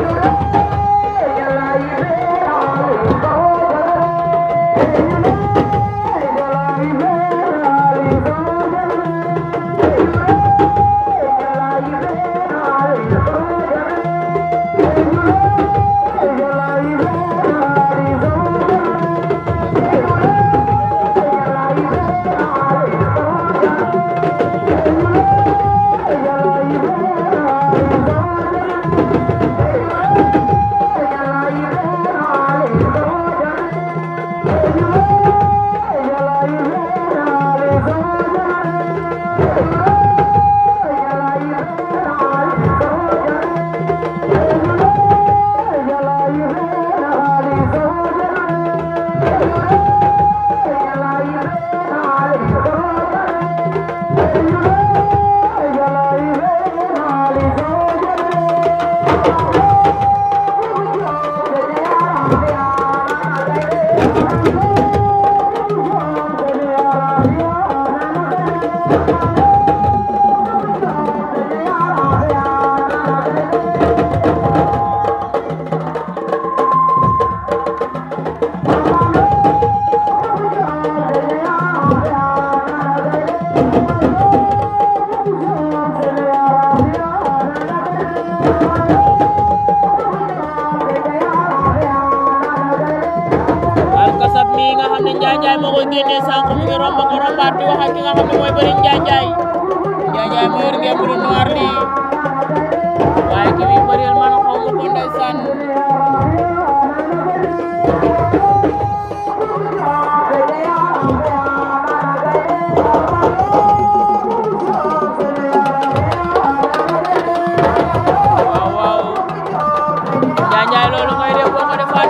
Música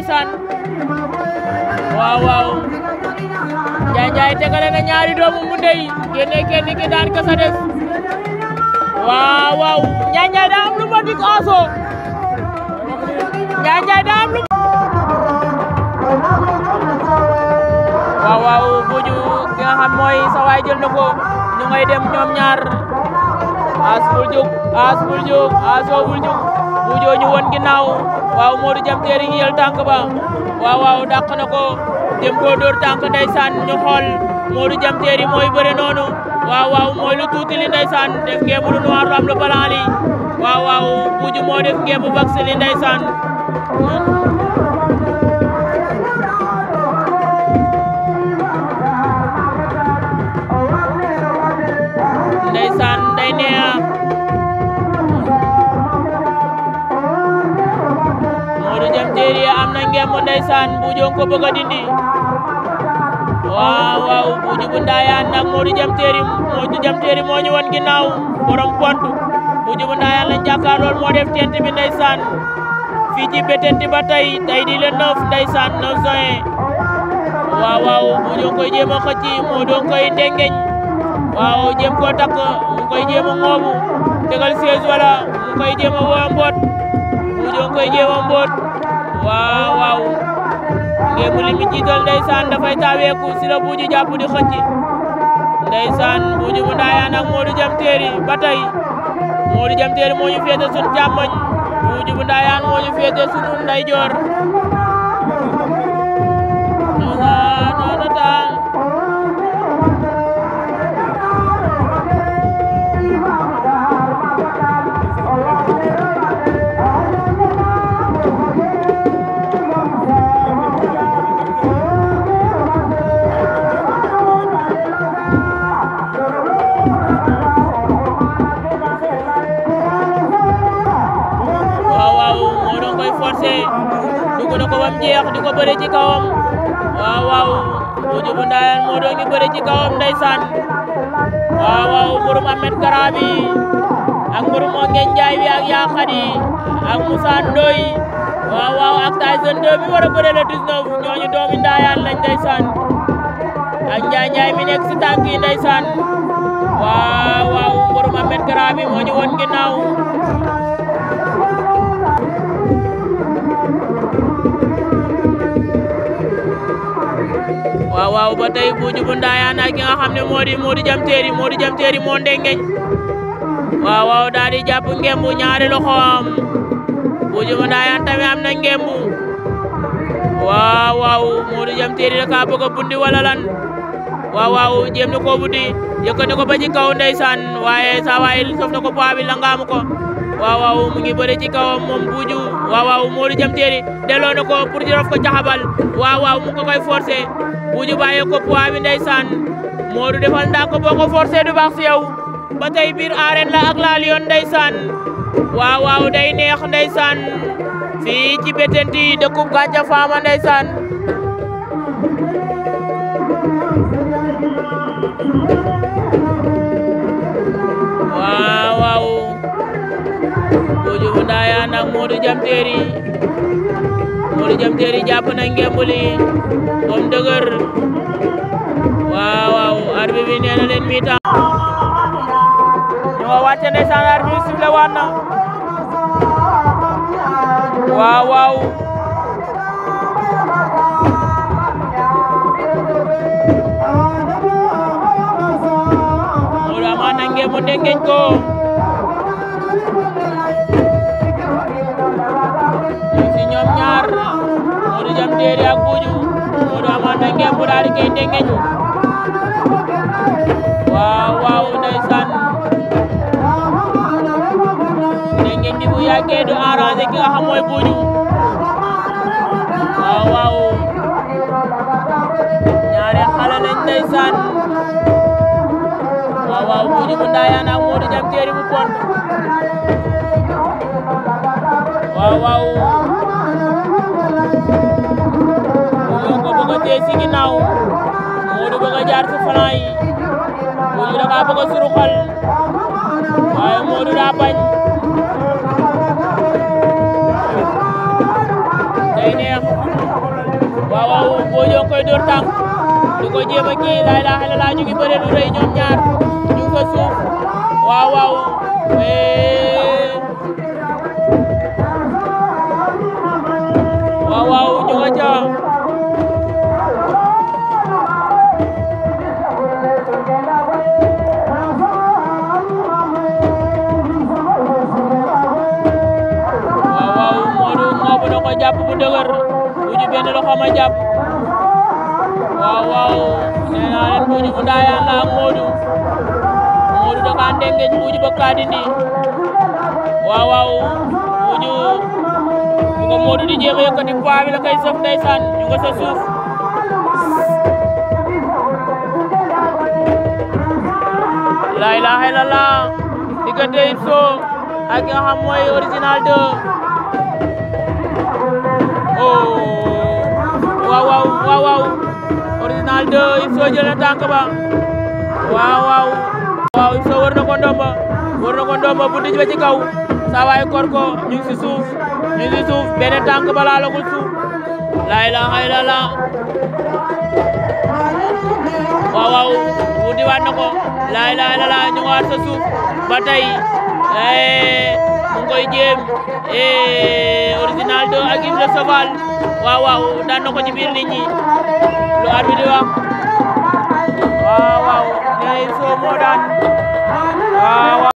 Jason. Wow, wow. Jangan Njaay tegale kalian yang nyari dua ndey génne kenn ki daan kasa des wow. waaw Njaay Njaay daa am lu ma dik aaso Njaay Njaay wow. am buju ki nga xam mooy sa waay dem as buljuk, as buljuk. Buujoo ñu woon ginnaaw waaw Modou Jam Teeri yel tànk ba waaw waaw dàq na ko jëm koo dóor tànk ndeysaan ñu xool Jam Teeri mooy bëre noonu waaw mooy lu tuuti li ndeysaan def ngeen bu lu noir am lu balan li waaw waaw moo def ngeen bu vax li ndeysaan ndeysaan day neex ngeen mo ndeysaan Mbuujo ko bëgg a dindi waaw waaw Mbuujo bu Ndaayaan nag Modou Jam Téeri Modou Jam Téeri moo ñu woon ginnaaw borom pont Mbuujo bu Ndaayaan lañ jàkkaarlool moo def tent a xëcc Modou koy ndengeñ waaw a ngoobu tegal 16 wala mu koy jéem a woo mboot Mbuujo koy jéem a mboot waaw waaw léegi li mu jiital ndeysaan dafay taaweeku si la buuju di xëcc ndeysaan buuju mu ndaayaan ak Modou Jam Téeri ba tey Modou Jam Téeri moo ñu féete sunu càmmoñ buuju mu ndaayaan moo ñu féete sunu ndeyjoor. ko bam jeex di ko ci kawam waaw waaw Buuju bu Ndaayaan moo doon ñu bëre ci kawam ndeysaan waaw waaw mburum Ahmed Kara bi ak mburum Onge Njaay bi ak Yaa ak Moussa Ndoy waaw waaw ak Tyson 2 bi war a le 19 ñooñu doomi Ndaayaan lañ ndeysaan ak Njaay Njaay mi waaw waaw Ahmed ñu waaw waaw ba tey buuju bu ndaayaan ak ki nga xam ne moo di jam teeri moo di jam teeri moo ndengeñ waaw waaw daal di jàpp ngembu ñaari loxoom buuju bu ndaayaan am na ngembu waaw waaw moo jam teeri da kaa bëgg a bundi jéem na koo buddi ko ba ci kaw ndeysaan waaye saa waay ko paa bi langaamu ko waaw waaw mu ngi bëre ci kawam moom buuju waaw waaw Modou Jam Téeri delloo na ko pour di rof ko caxabal waaw waaw mu ko koy forcé buuju bàyyee ko poids bi ndeysaan Modou defal ndànk boo ko forcé du baax si ba tey biir arène la ak laal yoon ndeysaan waaw waaw day neex ndeysaan fii ci Bettenty dëkkub gàncax faama ndeysaan Bojo daya nak Modou jam teri Modou jam teri japp na ngembuli moom dëgër waaw waaw arbi bi neena len mi ta ñoo wàcce ndeysaan arbi bi sifflé waat na waaw waaw Modou amaat na ngembu ndengeñ ñoom ñaar Modou Jam Téeri ak Buju Modou amoon na ngeen bu daal di koy dengeñu waaw waaw ndeysaan dengeñ bi bu yàggee du arrangé ki nga xam mooy Buju waaw waaw ñaari xale lañ ndeysaan waaw waaw Buju bu ndaayaan ak Modou Jam Téeri bu pont waaw waaw Modou ko bëgg a téye si ginnaaw Modou bëgg a jaar si flanc yi Modou da kaa bëgg a suruxal waaye Modou daa bañ day neex waaw waaw boo ñëw koy dóor tànk di ko jéem a kii laay laa xale laa ñu ngi bëre lu rëy ñoom ñaar ñu ngi ko suuf waaw waaw. waaw waaw ñu nga ca waaw waaw Modou Ngabou da ko jàpp bu dëgër uju benn loxo ma jàpp waaw waaw nee naa leen uju bu ndaayaan la ak Modou Modou da kaa ndengeñ uju ba ko Modou di jéem a yëkkati poids bi la koy sëf ndeysaan ñu nga sa suuf la ilaha illallah diggante Ibzo ak nga xam mooy original 2 oh waaw waaw waaw waaw original 2 Ibzo jël na tànk ba waaw waaw waaw Ibzo war na ko ndomba na ko bu dij ba ci kaw saa waay kor ko ñu si suuf mi ngi suuf benn tànk ba laalagul suuf laa ilaaha illallaah waaw waaw wuti waat na ko laa ilaaha ñu ngi waat sa suuf ba tey eh, mu ngi koy jéem do ak Ibra Safal waaw daan na ko ci lu at bi di wax waaw daan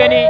பேணி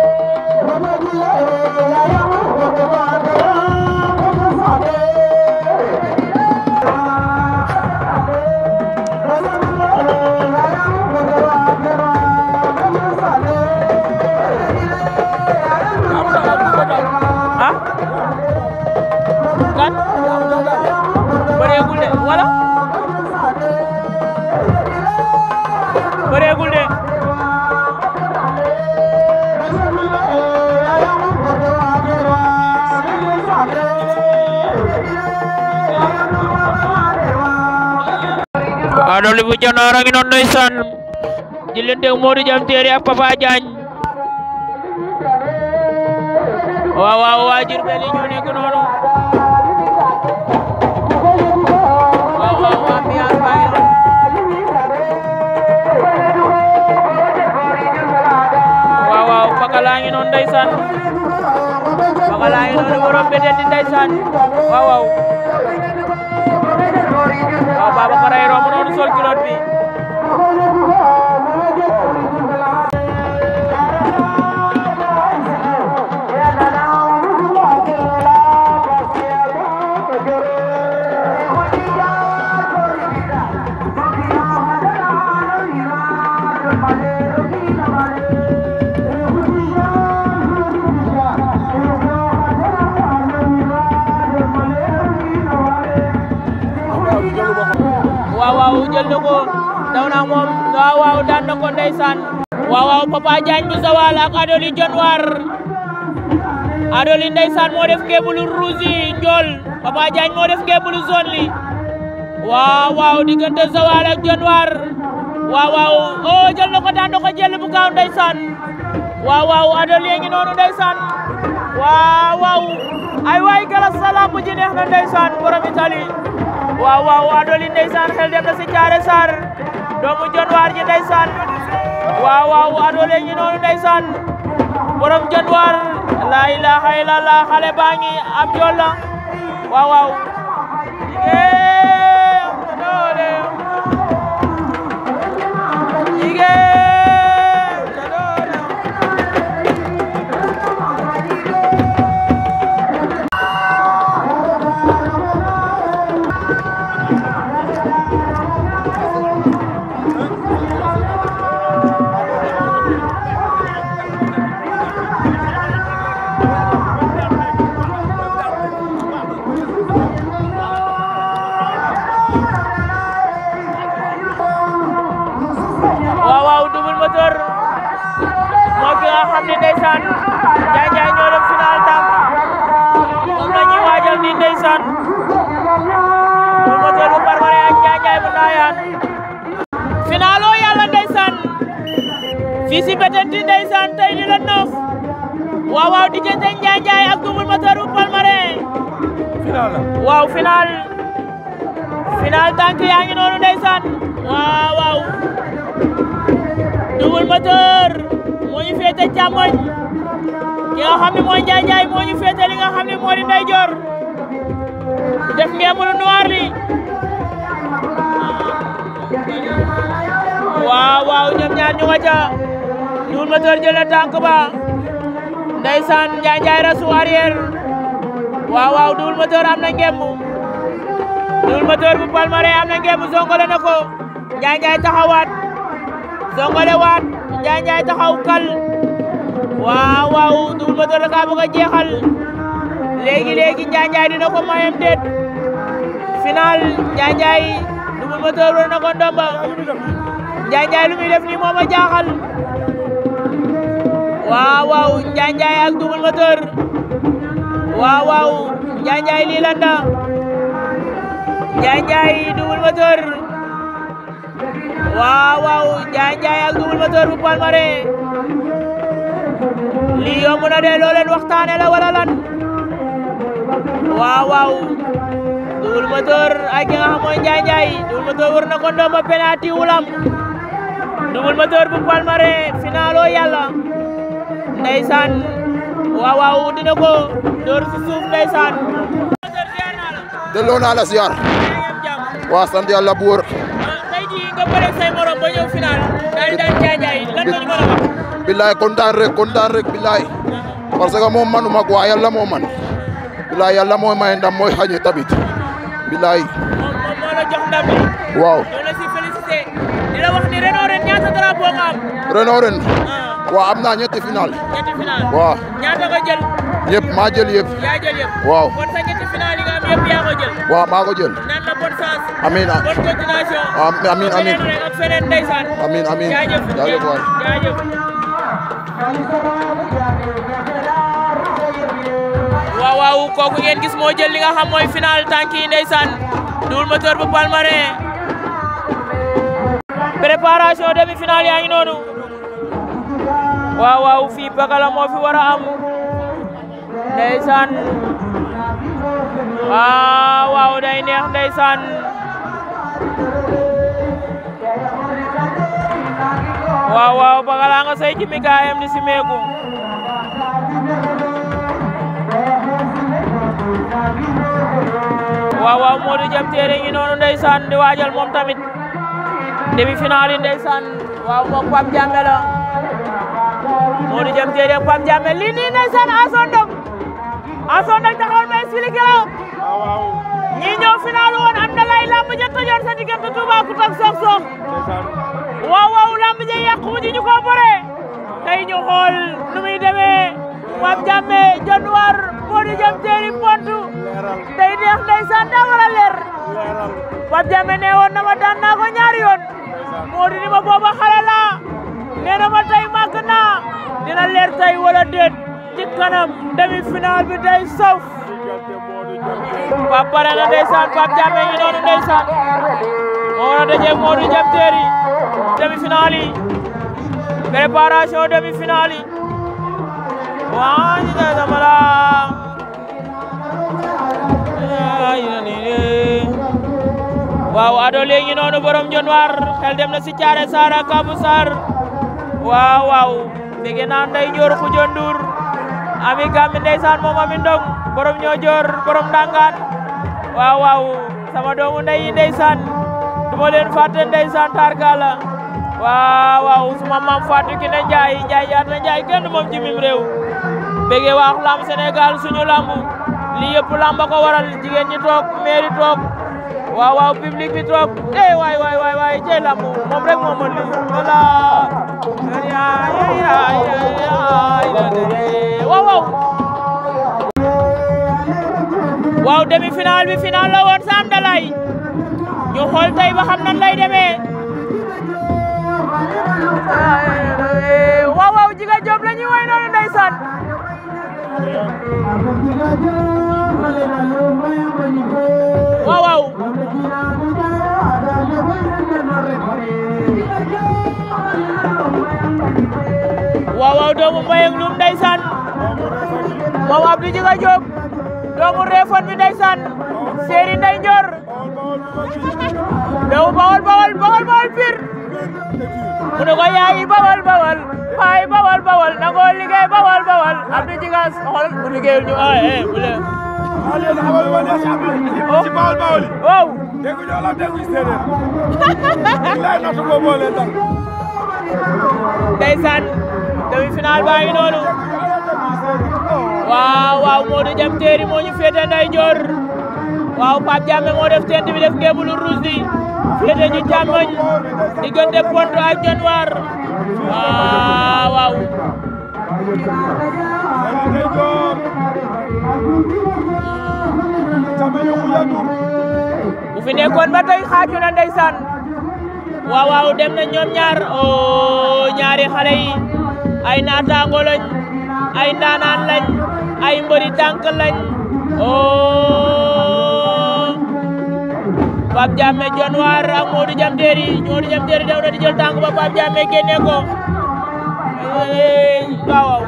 Ada lebih janoora orang Indonesia jilid yang mau Diam Terry apa Papa Diagne wah wah waa Diourbel yi ñoo nekk noonu waaw waaw ambiance baa ngi noonu waaw waaw Pakala ngi waaw Babacar ay romb noonu sol culotte bi daan na mom daw na moom waaw waaw daan na waaw waaw Papa jagn bu sawal ak Adoli John War Adoli ndaysan mo def kebulu rouge jol Papa jagn mo def kebulu zone li waaw waaw diggante sawal ak War waaw waaw oh jël nako dan nako jël bu kaw ndaysan waaw waaw Adoli ngi nonu ndaysan waaw waaw ay way gala salam bu ji neex na ndaysan borom itali waaw waaw waa Dolly ndeysaan xel dem na si caare doomu John Waar ji ndeysaan waaw waaw waa Dolly ñu noonu ndeysaan borom John Waar la ilaha illallah xale baa ngi am yoon fii si Bettenty ndeysaan tey li la neuf waaw waaw diggante ak Double Moteur bu Palmarin waaw final final tànk yaa ngi noonu ndeysaan waaw waaw Double Moteur ñu féete càmmoñ ki nga xam ne mooy Ndiaye ñu féete li nga xam ne moo di ndeyjoor def ngeen lu noir li waaw waaw ñoom ñaar ñu nga Ndour Moteur jël na tànk ba ndeysaan Njaay Njaay rasu arrière waaw waaw Ndour am na ngemb Ndour Moteur bu Palmarin am na ngemb songole na ko Njaay taxawaat songole waat Njaay taxaw kal waaw waaw Ndour Moteur da kaa jeexal léegi léegi Njaay Njaay dina ko mayem déet final Njaay Njaay Ndour Moteur na ko ndomba Njaay lu muy def nii moo ma waaw waaw ak Double Moteur waaw waaw Ndiaye Ndiaye lii lan la Ndiaye ak Double Moteur bu Palmarin lii yomb na de loo leen waxtaane la wala lan waaw waaw Double Moteur ak ki war na ko ndomba wulam Double Moteur bu Palmarin finalo yàlla ndeysaan waaw dina ko door si suuf ndeysaan delloo naa la ziar waaw sant yàlla bu wóor tey jii daan rek billaay parce moom manu mag waa yàlla moo man billaay yàlla mooy may mooy xañe tamit billaay waaw waaw am naa ñetti final. ñetti ñaata nga jël. ñëpp maa jël yëpp. yaa jël nga jël. waaw maa ko jël. naan la bonne chance. amiin ah. bonne continuation. amiin amiin amiin rek gis moo jël li nga xam mooy final tànk yi ndeysaan Double Moteur bu Palmarin préparation demi-finale yaa ngi noonu. waa waaw fii Pakala moo fi war a am ndeysaan waaw ah, waaw day neex ndeysaan waaw waaw Pakala nga say jimi kaayam ni si meegu waaw waaw Modou Diam Terry ngi noonu ndeysaan di waajal moom tamit demi-finale yi ndeysaan waaw moom Pape Diamé la Modou Diam Téere ak Pam Diamé lii nii ne seen asondom asondom taxaw ma expliqué la ñi ñëw final woon am na lay lamb ja tojoon sa diggante Toubacouta ak Sokh Sokh waaw waaw lamb ja yàqu ji ñu ko bëree tey ñu xool nu muy demee Pam Diamé John War Modou Diam Téere Pontu tey neex ndeysaan daa war a leer Pam Diamé nee woon na ma daan naa ko ñaari yoon Modou ni ma booba xale la nee na ma tey dina leer tey wala déet ci kanam demi final bi day saf Pape Bada na ndeysaan Pape Diame ngi noonu ndeysaan moo war a dajee Modou Diam Terry demi final yi préparation demi final yi waa ñu ngi sama la waaw ado léegi noonu borom jonwaar xel dem na si caare Sara Kabu Wow wow, bege na day jor ku jondur ami gambi ndeysaan moom ami dong borom ñoo Wow borom dangan wow wow sama doomu ndey yi ndeysaan duma leen fàtte ndeysaan tarkala wow, wow suma Fatu Fatou Kiné Ndiaye Ndiaye yaat na Ndiaye kenn moom ci mim réew bege waax lamb Sénégal suñu wow, li yëpp lamba ko waral jigen ñi toog mairie Wow, wow wow public bi eh wow, wow, wow, wow, cey lambu moom rek moo mën lii voilà waaw waaw waaw demi-finale bi finale la woon Sam Dalaye ñu xool tey ba xam nan lay demee waaw waaw Djiga Diop la ñuy woy noonu ndeysaan waaw waaw doomu Mbayang Loum ndeysaan moom Abdou Djiga Diop doomu Réfone bi ndeysaan Séeri Ndey doomu Bawol Bawol Bawol Bawol Pir ko yaay Bawol Bawol baay Bawol Bawol nangoo liggéey Bawol Bawol Abdou Djiga xool bu liggéeyul ñu ah eh bu leen ci Bawol demi-finale baa waaw waaw Modou Jam Téeri moo ñu féete ndeyjoor waaw Pape Diame moo def tent bi def ngeemu lu ruus di féete ñu càmmoñ diggante Ponto ak Ndiol Noir waaw waaw. bu fi nekkoon ba tey xaaju na ndeysaan waaw waaw dem na ñoom ñaar o oh, ñaari xale yi. ay naataango lañ ay ndaanaan lañ ay mbëri tànk lañ oo oh. Pape Diame Dionewar ak Modou Diam Terry Modou Diam Terry daw na di jël tànk ba Pape Diame génne ko waaw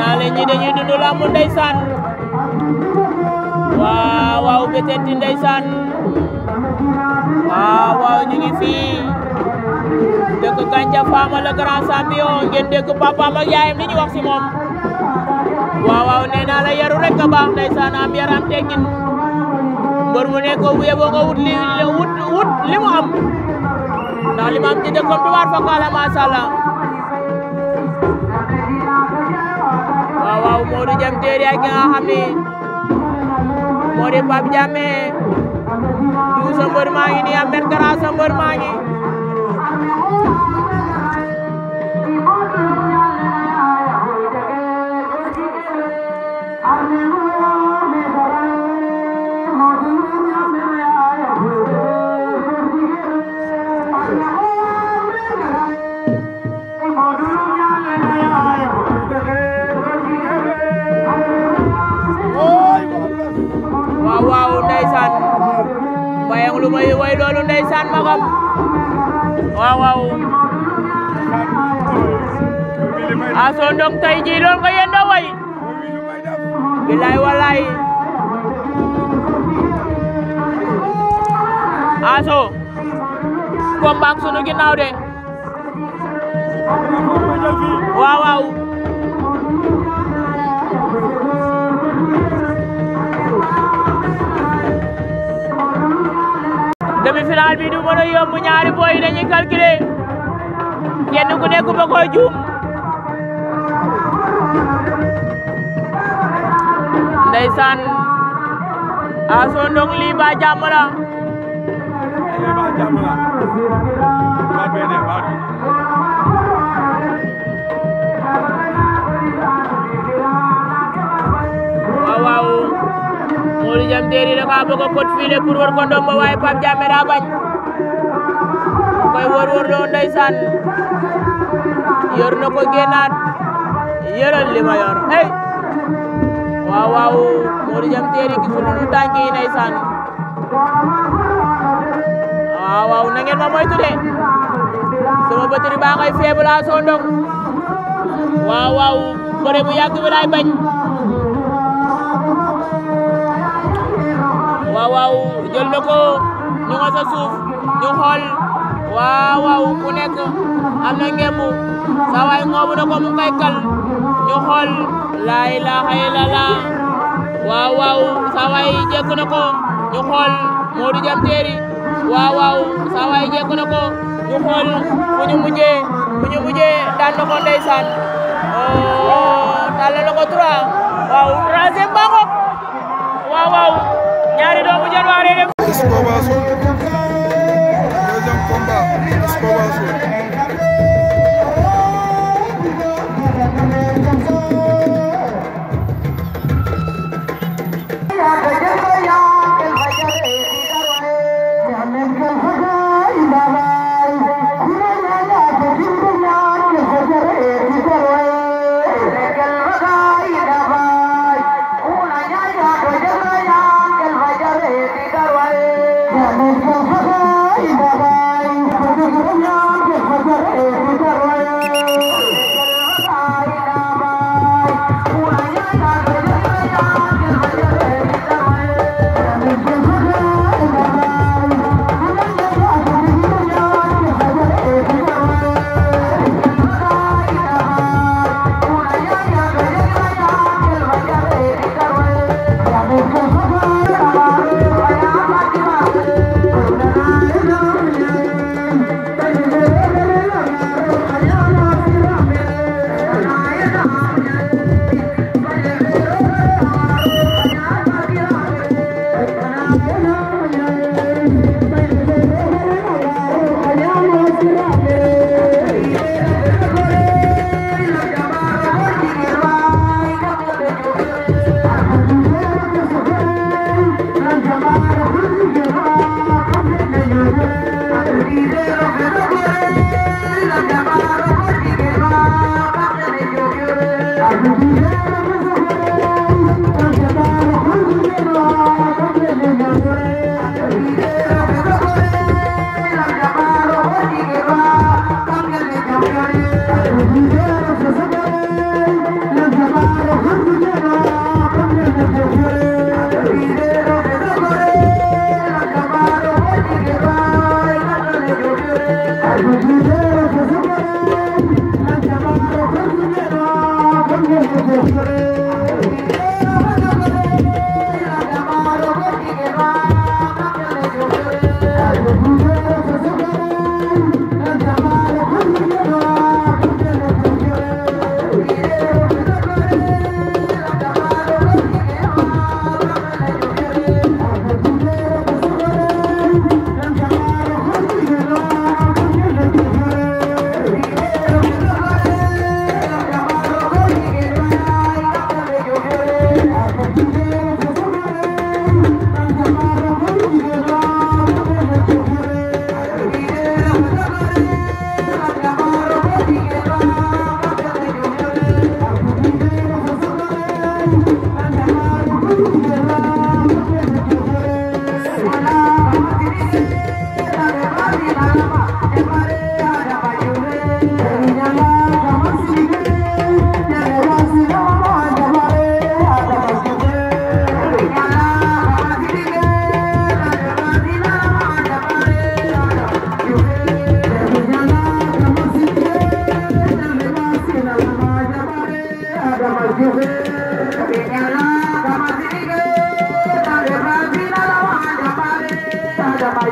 nale leen ñi dañuy dund làmb ndaysan waaw waaw bété ti ndaysan waaw waaw ñi ngi fi dëkk Gandia Fama le grand champion ngeen dégg papa ak yaayam ya li ñu wax ci mom waaw waaw neena la yaru rek ka baax ndaysan am yaram teggin mbër mu nekk bu yeboo nga wut li wut wut li mu am ndax li am ci dëkkam du war fa kaala maa sha Allah waaw Modou Jam Téeri ak nga xam ni moo di Pape Diame du sa mbër maa ngi nii am benn grand maa ngi waaw waaw aso ah, ndong tey jii lool nga yendoo way bilaay walaay aso ah, sunu ginnaaw de waaw demi-finale bi du mën a yomb ñaari boy yi dañuy calculer kenn ku nekk ba koy juum ndeysaan Asso Ndong lii ba Modou ka bëgg a kot file pour war ko ndomba waaye Pape Diame daa bañ koy wër wër na ko génnaat yëral li ma yor hey waaw waaw Modou Diam Terry gisul lu tànk yi ndeysaan na ngeen ma moytu de sama batterie baa ngay faible a sondong waaw waaw bëre bu waaw waaw jël na ko ñu nga sa suuf ñu xool waaw waaw ku nekk am na mu ngay kal ñu xool laa ilaaha illallah waaw waaw saa waay jekk na ko ñu xool Modou Diam Terry waaw waaw saa waay jekk na ko ñu xool fu ñu mujjee fu ñu mujjee daan na ko ndeysaan tàllal oh, trois waaw waaw waaw Nyari 20 Januari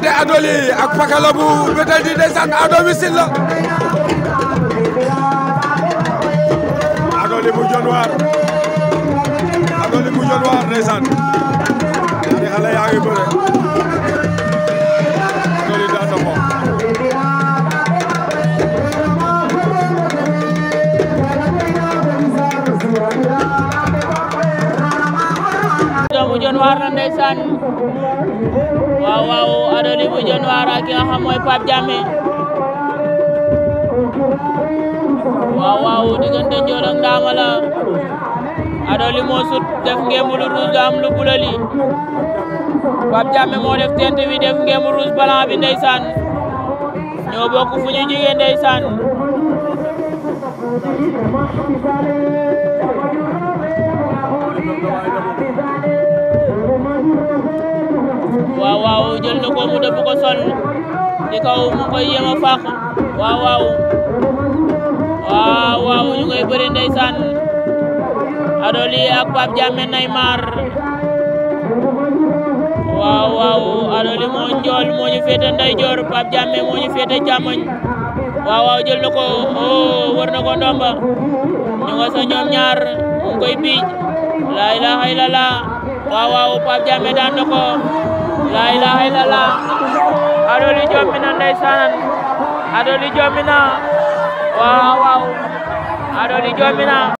diggante Adoli ak Pakala bu Beteli ndeysaan à Adoli bu Dionne Adoli bu Dionne waar di xale yaa ngi Adoli daa sa moom Adoli bu Dionewar ak ki nga xam mooy Pape Diame waaw waaw diggante Ndiol ak Ndama la Adoli moo sut def ngemb lu rouge am lu bleu li Pape Diame moo def tent bi def ngemb rouge blanc bi ndeysaan ñoo bokk fu ñu jigéen ndeysaan waaw jël na ko ko sonni ci kaw mu koy yema fàq waaw waaw waaw waaw ñu koy bëri ndeysaan Adoli ak Pape Diame Neymar waaw waaw Adoli moo njool moo ñu féete ndeyjoor Pape Diame moo ñu féete càmmoñ waaw waaw jël na ko oh wër na ko ñu nga sa ñaar mu koy biij la ilaha illallah waaw waaw Pape daan na la ilaha illallah adoli jomina ndeysanan adoli jomina waaw waaw adoli jomina